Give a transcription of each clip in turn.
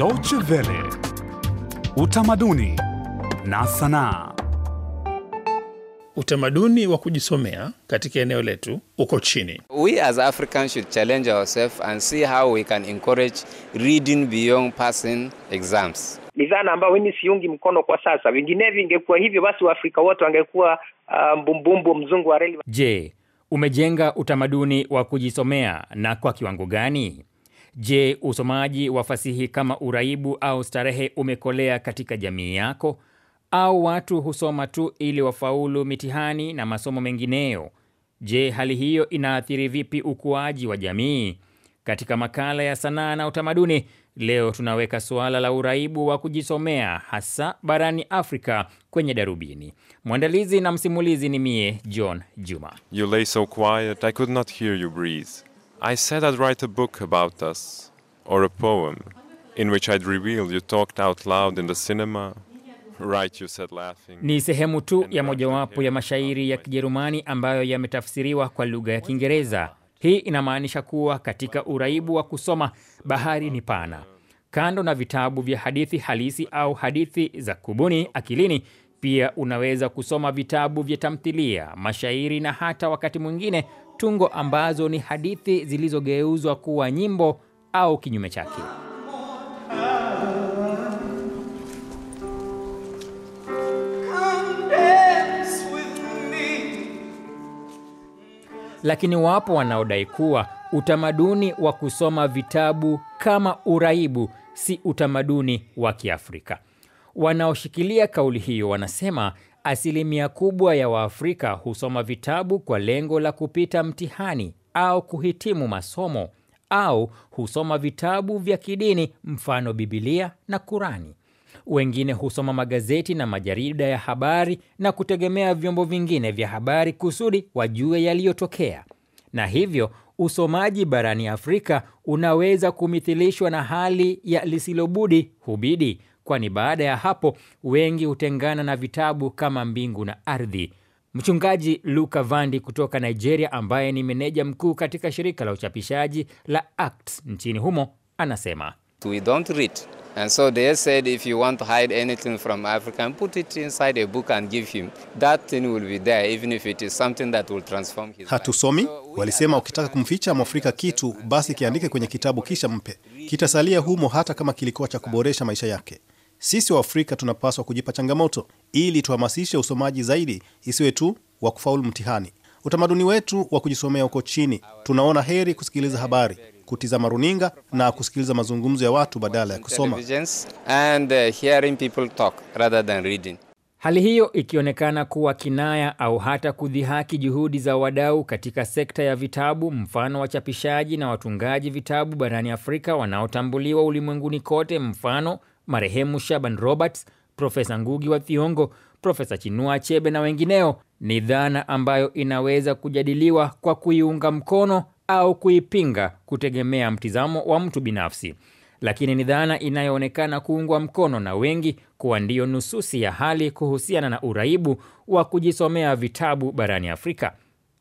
Deutsche Welle, utamaduni na sanaa. Utamaduni wa kujisomea katika eneo letu uko chini. We as Africans should challenge ourselves and see how we can encourage reading beyond passing exams. Ni dhana ambayo mimi siungi mkono kwa sasa, vinginevyo ingekuwa hivyo basi Waafrika wote wangekuwa uh, mbumbumbu, mzungu wa reli. Je, umejenga utamaduni wa kujisomea na kwa kiwango gani? Je, usomaji wa fasihi kama uraibu au starehe umekolea katika jamii yako? Au watu husoma tu ili wafaulu mitihani na masomo mengineyo? Je, hali hiyo inaathiri vipi ukuaji wa jamii? Katika makala ya sanaa na utamaduni leo tunaweka suala la uraibu wa kujisomea hasa barani Afrika kwenye darubini. Mwandalizi na msimulizi ni mie John Juma. You lay so quiet, I could not hear you breathe. I said I'd write a book about us, or a poem, in which I'd reveal you talked out loud in the cinema. Right, you said laughing. Ni sehemu tu ya mojawapo ya mashairi ya Kijerumani ambayo yametafsiriwa kwa lugha ya Kiingereza. Hii inamaanisha kuwa katika uraibu wa kusoma, bahari ni pana. Kando na vitabu vya hadithi halisi au hadithi za kubuni akilini, pia unaweza kusoma vitabu vya tamthilia, mashairi na hata wakati mwingine tungo ambazo ni hadithi zilizogeuzwa kuwa nyimbo au kinyume chake. Lakini wapo wanaodai kuwa utamaduni wa kusoma vitabu kama uraibu si utamaduni wa Kiafrika. Wanaoshikilia kauli hiyo wanasema Asilimia kubwa ya Waafrika husoma vitabu kwa lengo la kupita mtihani au kuhitimu masomo au husoma vitabu vya kidini, mfano bibilia na Kurani. Wengine husoma magazeti na majarida ya habari na kutegemea vyombo vingine vya habari kusudi wajue yaliyotokea. Na hivyo usomaji barani Afrika unaweza kumithilishwa na hali ya lisilobudi hubidi kwani baada ya hapo wengi hutengana na vitabu kama Mbingu na Ardhi. Mchungaji Luka Vandi kutoka Nigeria, ambaye ni meneja mkuu katika shirika la uchapishaji la act nchini humo, anasema We don't read. And so they said if you want to hide anything from Africa and put it inside a book and give him that thing will be there even if it is something that will transform his Hatusomi walisema ukitaka kumficha Mwafrika kitu basi kiandike kwenye kitabu kisha mpe. Kitasalia humo hata kama kilikuwa cha kuboresha maisha yake. Sisi Waafrika tunapaswa kujipa changamoto ili tuhamasishe usomaji zaidi, isiwe tu wa kufaulu mtihani. Utamaduni wetu wa kujisomea uko chini. Tunaona heri kusikiliza habari, kutizama runinga na kusikiliza mazungumzo ya watu badala ya kusoma. Uh, Hali hiyo ikionekana kuwa kinaya au hata kudhihaki juhudi za wadau katika sekta ya vitabu, mfano wachapishaji na watungaji vitabu barani Afrika wanaotambuliwa ulimwenguni kote, mfano marehemu Shaban Roberts, Profesa Ngugi wa Thiong'o, Profesa Chinua Achebe na wengineo, ni dhana ambayo inaweza kujadiliwa kwa kuiunga mkono au kuipinga kutegemea mtizamo wa mtu binafsi, lakini ni dhana inayoonekana kuungwa mkono na wengi kuwa ndiyo nususi ya hali kuhusiana na uraibu wa kujisomea vitabu barani Afrika.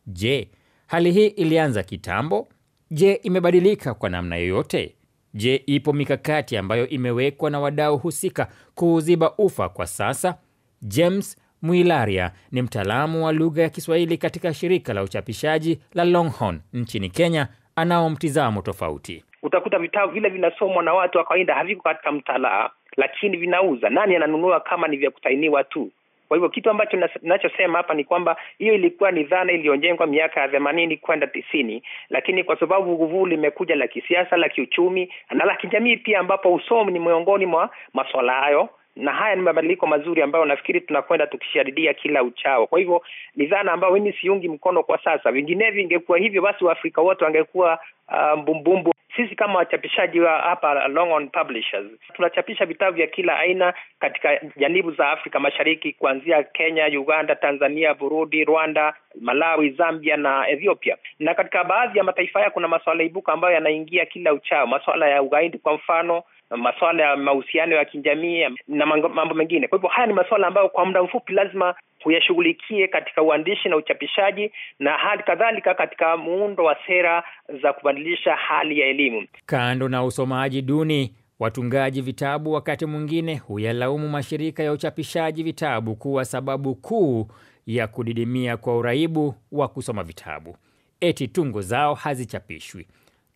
Je, hali hii ilianza kitambo? Je, imebadilika kwa namna yoyote? Je, ipo mikakati ambayo imewekwa na wadau husika kuuziba ufa kwa sasa? James Mwilaria ni mtaalamu wa lugha ya Kiswahili katika shirika la uchapishaji la Longhorn nchini Kenya. Anao mtizamo tofauti. Utakuta vitabu vile vinasomwa na watu wa kawaida, haviko katika mtalaa, lakini vinauza. Nani ananunua kama ni vya kutainiwa tu? Kwa hivyo kitu ambacho ninachosema hapa ni kwamba hiyo ilikuwa ni dhana iliyojengwa miaka ya themanini kwenda tisini, lakini kwa sababu vuguvugu limekuja la kisiasa, la kiuchumi na la kijamii pia, ambapo usomi ni miongoni mwa masuala hayo na haya ni mabadiliko mazuri ambayo nafikiri tunakwenda tukishadidia kila uchao. Kwa hivyo ni dhana ambayo mimi siungi mkono kwa sasa, vinginevyo ingekuwa hivyo basi Waafrika wote wangekuwa uh, mbumbumbu sisi kama wachapishaji wa hapa Longhorn Publishers tunachapisha vitabu vya kila aina katika janibu za Afrika Mashariki, kuanzia Kenya, Uganda, Tanzania, Burundi, Rwanda, Malawi, Zambia na Ethiopia. Na katika baadhi ya mataifa haya kuna masuala ibuka ambayo yanaingia kila uchao, masuala ya ugaidi kwa mfano masuala ya mahusiano ya kijamii na mambo mengine. Kwa hivyo haya ni masuala ambayo kwa muda mfupi lazima huyashughulikie katika uandishi na uchapishaji na hali kadhalika katika muundo wa sera za kubadilisha hali ya elimu. Kando na usomaji duni, watungaji vitabu wakati mwingine huyalaumu mashirika ya uchapishaji vitabu kuwa sababu kuu ya kudidimia kwa uraibu wa kusoma vitabu, eti tungo zao hazichapishwi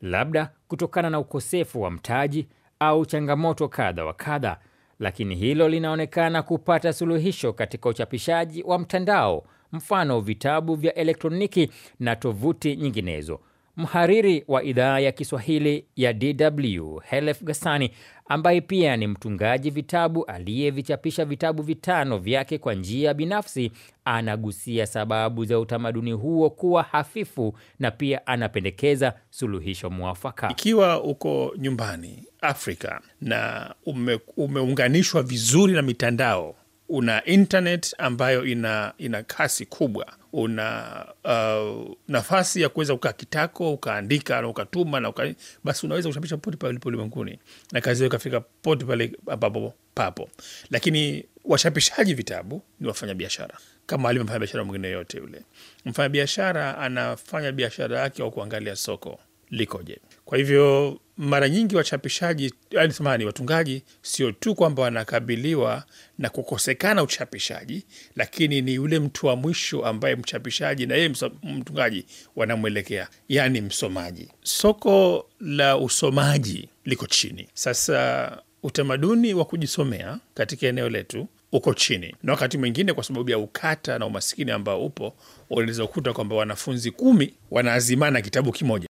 labda kutokana na ukosefu wa mtaji au changamoto kadha wa kadha, lakini hilo linaonekana kupata suluhisho katika uchapishaji wa mtandao, mfano vitabu vya elektroniki na tovuti nyinginezo. Mhariri wa idhaa ya Kiswahili ya DW Helef gasani ambaye pia ni mtungaji vitabu aliyevichapisha vitabu vitano vyake kwa njia binafsi, anagusia sababu za utamaduni huo kuwa hafifu na pia anapendekeza suluhisho mwafaka. Ikiwa uko nyumbani Afrika na ume, umeunganishwa vizuri na mitandao una internet ambayo ina, ina kasi kubwa una uh, nafasi ya kuweza kukaa kitako ukaandika na ukatuma na uka, basi unaweza kushapisha pote pale ulipo ulimwenguni na kazi hiyo ikafika pote pale ambapo papo lakini washapishaji vitabu ni wafanya biashara kama alivyo mfanya biashara mwingine yoyote yule mfanya biashara anafanya biashara yake wa kuangalia soko likoje kwa hivyo mara nyingi wachapishaji samani watungaji sio tu kwamba wanakabiliwa na kukosekana uchapishaji, lakini ni yule mtu wa mwisho ambaye mchapishaji na yeye mtungaji wanamwelekea, yani msomaji. Soko la usomaji liko chini. Sasa utamaduni wa kujisomea katika eneo letu uko chini, na wakati mwingine kwa sababu ya ukata na umasikini ambao upo, unaweza kukuta kwamba wanafunzi kumi wanaazimana kitabu kimoja.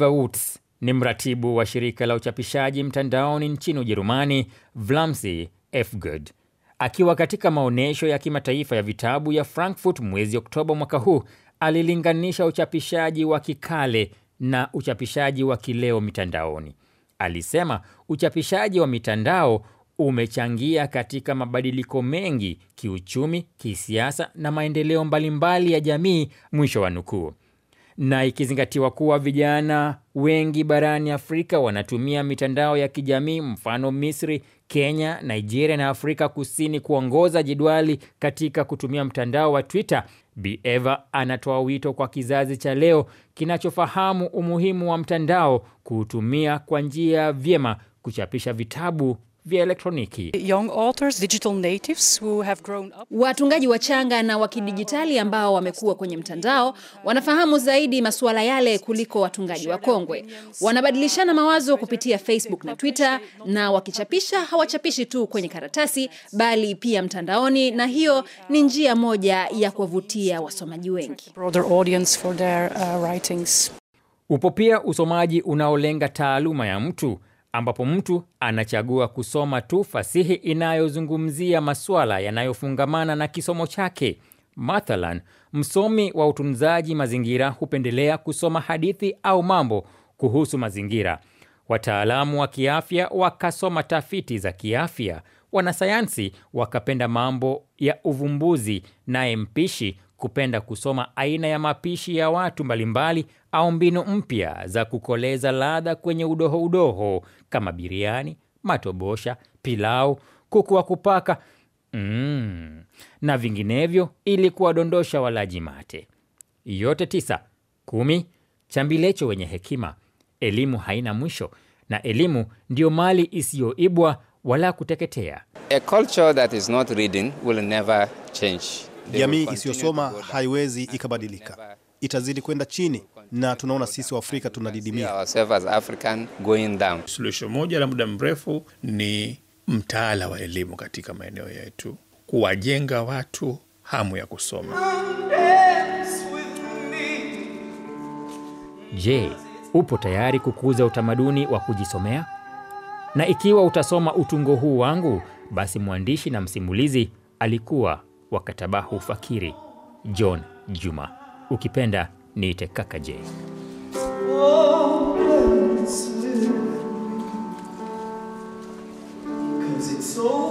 Woods ni mratibu wa shirika la uchapishaji mtandaoni nchini Ujerumani, Vlamsi fgod Akiwa katika maonyesho ya kimataifa ya vitabu ya Frankfurt mwezi Oktoba mwaka huu, alilinganisha uchapishaji wa kikale na uchapishaji wa kileo mitandaoni. Alisema uchapishaji wa mitandao umechangia katika mabadiliko mengi kiuchumi, kisiasa na maendeleo mbalimbali ya jamii, mwisho wa nukuu na ikizingatiwa kuwa vijana wengi barani Afrika wanatumia mitandao ya kijamii, mfano Misri, Kenya, Nigeria na Afrika Kusini kuongoza jedwali katika kutumia mtandao wa Twitter, Bi Eva anatoa wito kwa kizazi cha leo kinachofahamu umuhimu wa mtandao kuutumia kwa njia vyema, kuchapisha vitabu vya elektroniki. Young authors, digital natives who have grown up... Watungaji wachanga na wakidijitali ambao wamekuwa kwenye mtandao wanafahamu zaidi masuala yale kuliko watungaji wakongwe. Wanabadilishana mawazo kupitia Facebook na Twitter, na wakichapisha hawachapishi tu kwenye karatasi, bali pia mtandaoni, na hiyo ni njia moja ya kuwavutia wasomaji wengi. Uh, Upo pia usomaji unaolenga taaluma ya mtu ambapo mtu anachagua kusoma tu fasihi inayozungumzia masuala yanayofungamana na kisomo chake. Mathalan, msomi wa utunzaji mazingira hupendelea kusoma hadithi au mambo kuhusu mazingira, wataalamu wa kiafya wakasoma tafiti za kiafya, wanasayansi wakapenda mambo ya uvumbuzi, naye mpishi kupenda kusoma aina ya mapishi ya watu mbalimbali au mbinu mpya za kukoleza ladha kwenye udoho udoho kama biriani, matobosha, pilau, kuku wa kupaka mm, na vinginevyo ili kuwadondosha walaji mate. Yote tisa. Kumi, chambilecho wenye hekima. Elimu haina mwisho na elimu ndiyo mali isiyoibwa wala kuteketea. A culture that is not reading will never change. Jamii isiyosoma haiwezi ikabadilika, itazidi kwenda chini na tunaona sisi Waafrika tunadidimia. Suluhisho moja la muda mrefu ni mtaala wa elimu katika maeneo yetu, kuwajenga watu hamu ya kusoma. Je, upo tayari kukuza utamaduni wa kujisomea? Na ikiwa utasoma utungo huu wangu, basi mwandishi na msimulizi alikuwa wakatabahu fakiri John Juma. Ukipenda niite kaka J. Oh,